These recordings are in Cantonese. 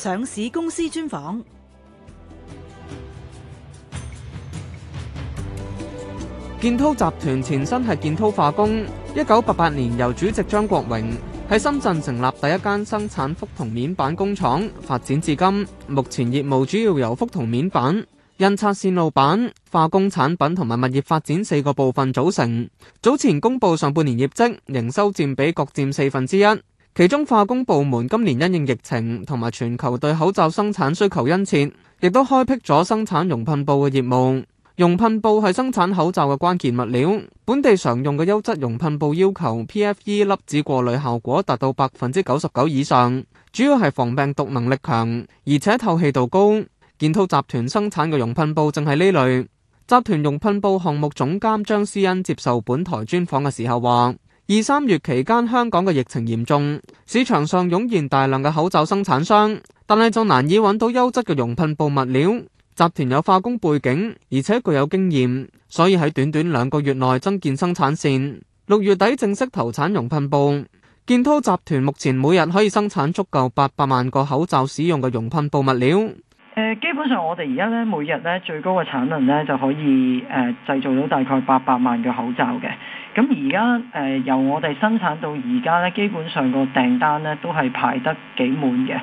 上市公司專訪，建滔集團前身係建滔化工，一九八八年由主席張國榮喺深圳成立第一間生產覆銅面板工廠，發展至今。目前業務主要由覆銅面板、印刷線路板、化工產品同埋物業發展四個部分組成。早前公布上半年業績，營收占比各占四分之一。其中化工部門今年因應疫情同埋全球對口罩生產需求殷切，亦都開闢咗生產熔噴布嘅業務。熔噴布係生產口罩嘅關鍵物料，本地常用嘅優質熔噴布要求 PFE 粒子過濾效果達到百分之九十九以上，主要係防病毒能力強，而且透氣度高。建滔集團生產嘅熔噴布正係呢類。集團熔噴布項目總監張詩茵接受本台專訪嘅時候話。二三月期間，香港嘅疫情嚴重，市場上湧現大量嘅口罩生產商，但係就難以揾到優質嘅熔噴布物料。集團有化工背景，而且具有經驗，所以喺短短兩個月內增建生產線，六月底正式投產熔噴布。建滔集團目前每日可以生產足夠八百萬個口罩使用嘅熔噴布物料。呃、基本上我哋而家咧，每日咧最高嘅產能咧就可以誒、呃、製造到大概八百萬嘅口罩嘅。咁而家誒由我哋生產到而家咧，基本上個訂單咧都係排得幾滿嘅。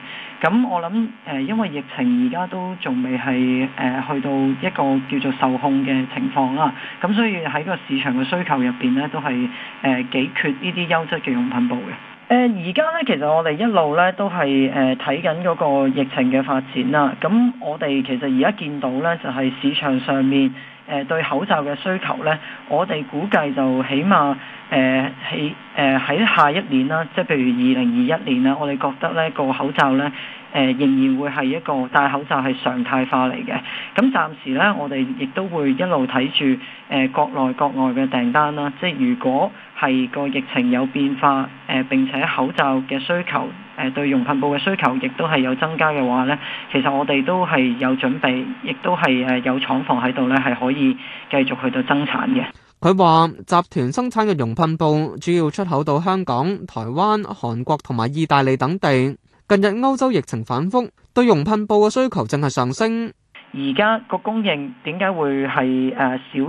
咁我諗誒、呃，因為疫情而家都仲未係誒、呃、去到一個叫做受控嘅情況啦。咁所以喺個市場嘅需求入邊咧，都係誒幾缺呢啲優質嘅熔噴布嘅。誒而家咧，其實我哋一路咧都係誒睇緊嗰個疫情嘅發展啦。咁我哋其實而家見到咧，就係、是、市場上面誒、呃、對口罩嘅需求咧，我哋估計就起碼誒、呃、起誒喺、呃、下一年啦，即係譬如二零二一年啦，我哋覺得咧個口罩咧，誒仍然會係一個戴口罩係常態化嚟嘅，咁暫時呢，我哋亦都會一路睇住誒國內國外嘅訂單啦。即係如果係個疫情有變化，誒、呃、並且口罩嘅需求，誒、呃、對熔噴布嘅需求亦都係有增加嘅話呢，其實我哋都係有準備，亦都係誒有廠房喺度呢，係可以繼續去到增產嘅。佢話集團生產嘅熔噴布主要出口到香港、台灣、韓國同埋意大利等地。近日歐洲疫情反覆，對熔噴布嘅需求正係上升。而家個供應點解會係誒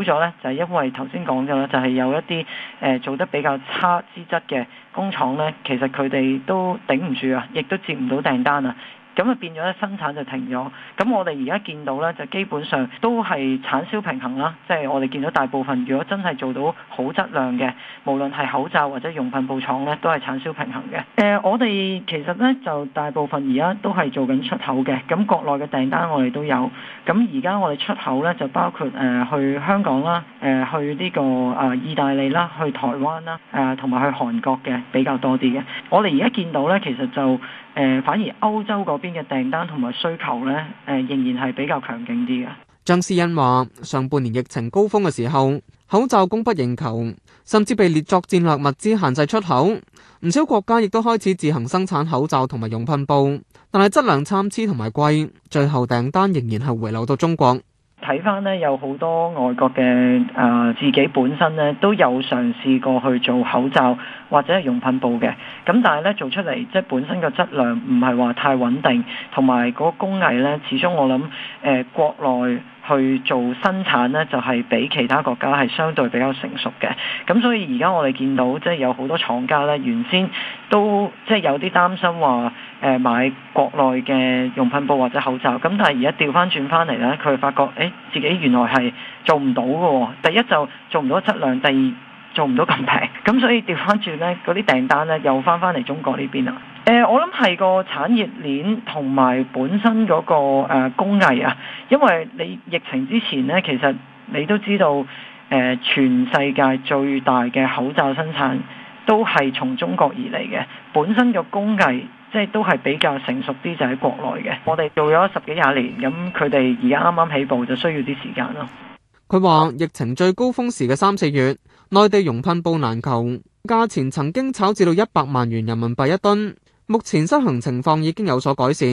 少咗呢？就係、是、因為頭先講咗啦，就係、是、有一啲誒做得比較差資質嘅工廠呢，其實佢哋都頂唔住啊，亦都接唔到訂單啊。咁啊變咗咧生產就停咗，咁我哋而家見到咧就基本上都係產銷平衡啦，即係我哋見到大部分如果真係做到好質量嘅，無論係口罩或者用品布廠咧，都係產銷平衡嘅。誒，我哋其實咧就大部分而家都係做緊出口嘅，咁國內嘅訂單我哋都有。咁而家我哋出口咧就包括誒去香港啦，誒去呢個啊意大利啦，去台灣啦，誒同埋去韓國嘅比較多啲嘅。我哋而家見到咧，其實就誒反而歐洲嗰邊嘅訂單同埋需求咧，誒仍然係比較強勁啲嘅。張詩茵話，上半年疫情高峰嘅時候，口罩供不應求，甚至被列作戰略物資限制出口，唔少國家亦都開始自行生產口罩同埋熔噴布，但係質量參差同埋貴，最後訂單仍然係回流到中國。睇翻呢，看看有好多外國嘅誒，自己本身呢，都有嘗試過去做口罩或者係熔噴布嘅，咁但係呢，做出嚟即係本身嘅質量唔係話太穩定，同埋嗰個工藝呢，始終我諗誒國內。去做生產呢，就係、是、比其他國家係相對比較成熟嘅。咁所以而家我哋見到即係、就是、有好多廠家呢，原先都即係、就是、有啲擔心話，誒、呃、買國內嘅熔噴布或者口罩。咁但係而家調翻轉翻嚟呢，佢發覺誒、欸、自己原來係做唔到嘅、哦。第一就做唔到質量，第二做唔到咁平。咁所以調翻轉呢，嗰啲訂單呢，又翻翻嚟中國呢邊啦。誒、呃，我諗係個產業鏈同埋本身嗰個工藝啊。因為你疫情之前呢，其實你都知道誒、呃，全世界最大嘅口罩生產都係從中國而嚟嘅。本身嘅工藝即係都係比較成熟啲，就喺國內嘅。我哋做咗十幾廿年，咁佢哋而家啱啱起步，就需要啲時間咯。佢話疫情最高峰時嘅三四月，內地熔噴布難求，價錢曾經炒至到一百萬元人民幣一噸。目前失衡情況已經有所改善，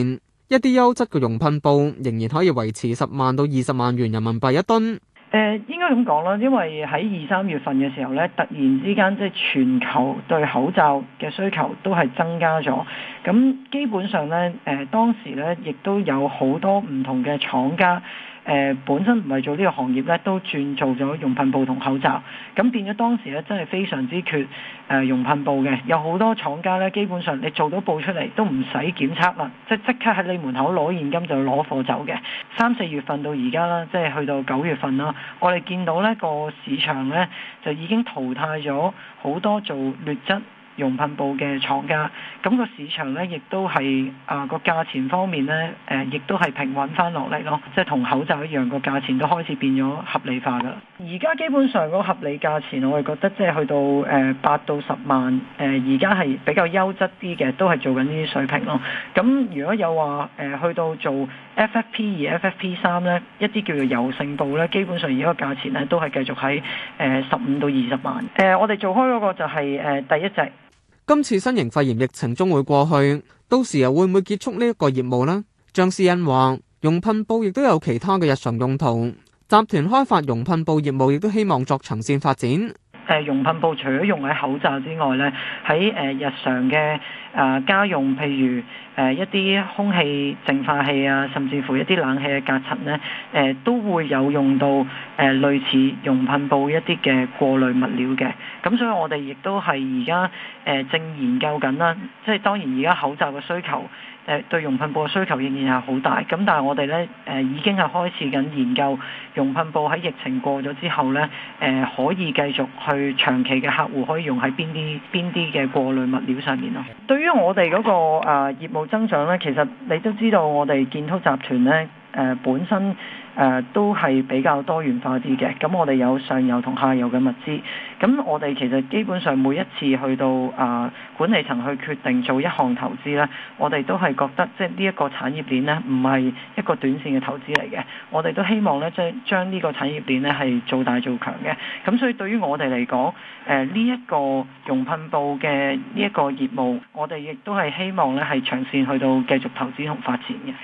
一啲優質嘅熔噴布仍然可以維持十萬到二十萬元人民幣一噸。誒、呃，應該咁講啦，因為喺二三月份嘅時候咧，突然之間即係全球對口罩嘅需求都係增加咗，咁基本上咧，誒、呃、當時咧亦都有好多唔同嘅廠家。本身唔係做呢個行業咧，都轉做咗熔噴布同口罩，咁變咗當時咧真係非常之缺誒熔噴布嘅，有好多廠家咧，基本上你做到布出嚟都唔使檢測啦，即係即刻喺你門口攞現金就攞貨走嘅。三四月份到而家啦，即係去到九月份啦，我哋見到呢個市場呢，就已經淘汰咗好多做劣質熔噴布嘅廠家，咁、那個市場呢亦都係啊，個價錢方面呢，誒亦都係平穩翻落嚟咯，即係同口罩一樣個價錢都開始變咗合理化㗎啦。而家基本上個合理價錢，我哋覺得即係去到誒八到十萬，誒而家係比較優質啲嘅，都係做緊呢啲水平咯。咁、啊、如果有話誒、呃、去到做 FFP 二、FFP 三呢，一啲叫做油性布呢，基本上而家個價錢呢都係繼續喺誒十五到二十萬。誒、呃、我哋做開嗰個就係、是、誒、呃、第一隻。今次新型肺炎疫情終會過去，到時又會唔會結束呢一個業務呢？張詩茵話：熔噴布亦都有其他嘅日常用途，集團開發熔噴布業務亦都希望作長線發展。誒熔噴布除咗用喺口罩之外呢，喺誒日常嘅啊家用，譬如誒一啲空氣淨化器啊，甚至乎一啲冷氣嘅隔塵呢，誒都會有用到誒類似熔噴布一啲嘅過濾物料嘅。咁所以我哋亦都係而家誒正研究緊啦，即係當然而家口罩嘅需求。誒對熔噴布嘅需求仍然係好大，咁但係我哋呢誒已經係開始緊研究熔噴布喺疫情過咗之後呢，誒、呃、可以繼續去長期嘅客戶可以用喺邊啲邊啲嘅過濾物料上面咯。對於我哋嗰個誒業務增長呢，其實你都知道我哋建滔集團呢。誒、呃、本身誒、呃、都係比較多元化啲嘅，咁我哋有上游同下游嘅物資，咁我哋其實基本上每一次去到啊、呃、管理層去決定做一項投資呢，我哋都係覺得即係呢一個產業鏈呢唔係一個短線嘅投資嚟嘅，我哋都希望咧將將呢個產業鏈呢係做大做強嘅，咁所以對於我哋嚟講，誒呢一個熔噴布嘅呢一個業務，我哋亦都係希望呢係長線去到繼續投資同發展嘅。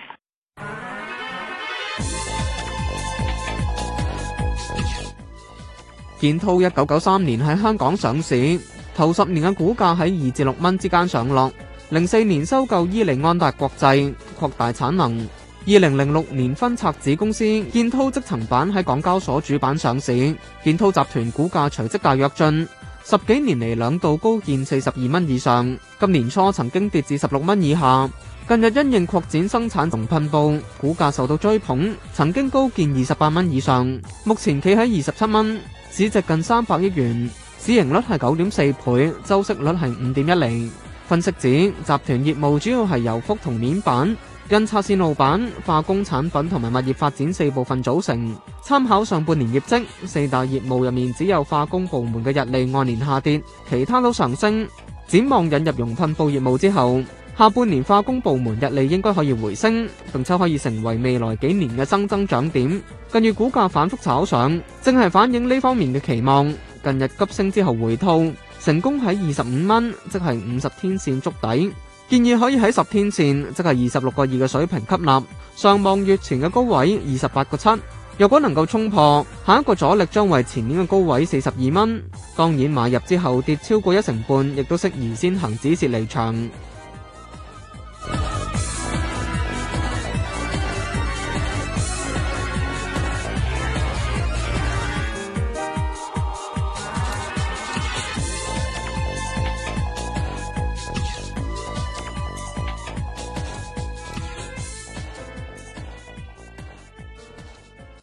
建滔一九九三年喺香港上市，頭十年嘅股價喺二至六蚊之間上落。零四年收購伊利安達國際，擴大產能。二零零六年分拆子公司，建滔積層板喺港交所主板上市。建滔集團股價隨即大躍進，十幾年嚟兩度高見四十二蚊以上，今年初曾經跌至十六蚊以下。近日因應擴展生產熔噴布，股價受到追捧，曾經高見二十八蚊以上，目前企喺二十七蚊，市值近三百億元，市盈率係九點四倍，周息率係五點一厘。分析指集團業務主要係由覆銅面板、印刷線路板、化工產品同埋物業發展四部分組成。參考上半年業績，四大業務入面只有化工部門嘅溢利按年下跌，其他都上升。展望引入熔噴布業務之後。下半年化工部門日利應該可以回升，並且可以成為未來幾年嘅新增,增長點。近日股價反覆炒上，正係反映呢方面嘅期望。近日急升之後回吐，成功喺二十五蚊，25, 即係五十天線築底。建議可以喺十天線，即係二十六個二嘅水平吸納。上望月前嘅高位二十八個七，若果能夠衝破下一個阻力，將為前年嘅高位四十二蚊。當然買入之後跌超過一成半，亦都適宜先行止蝕離場。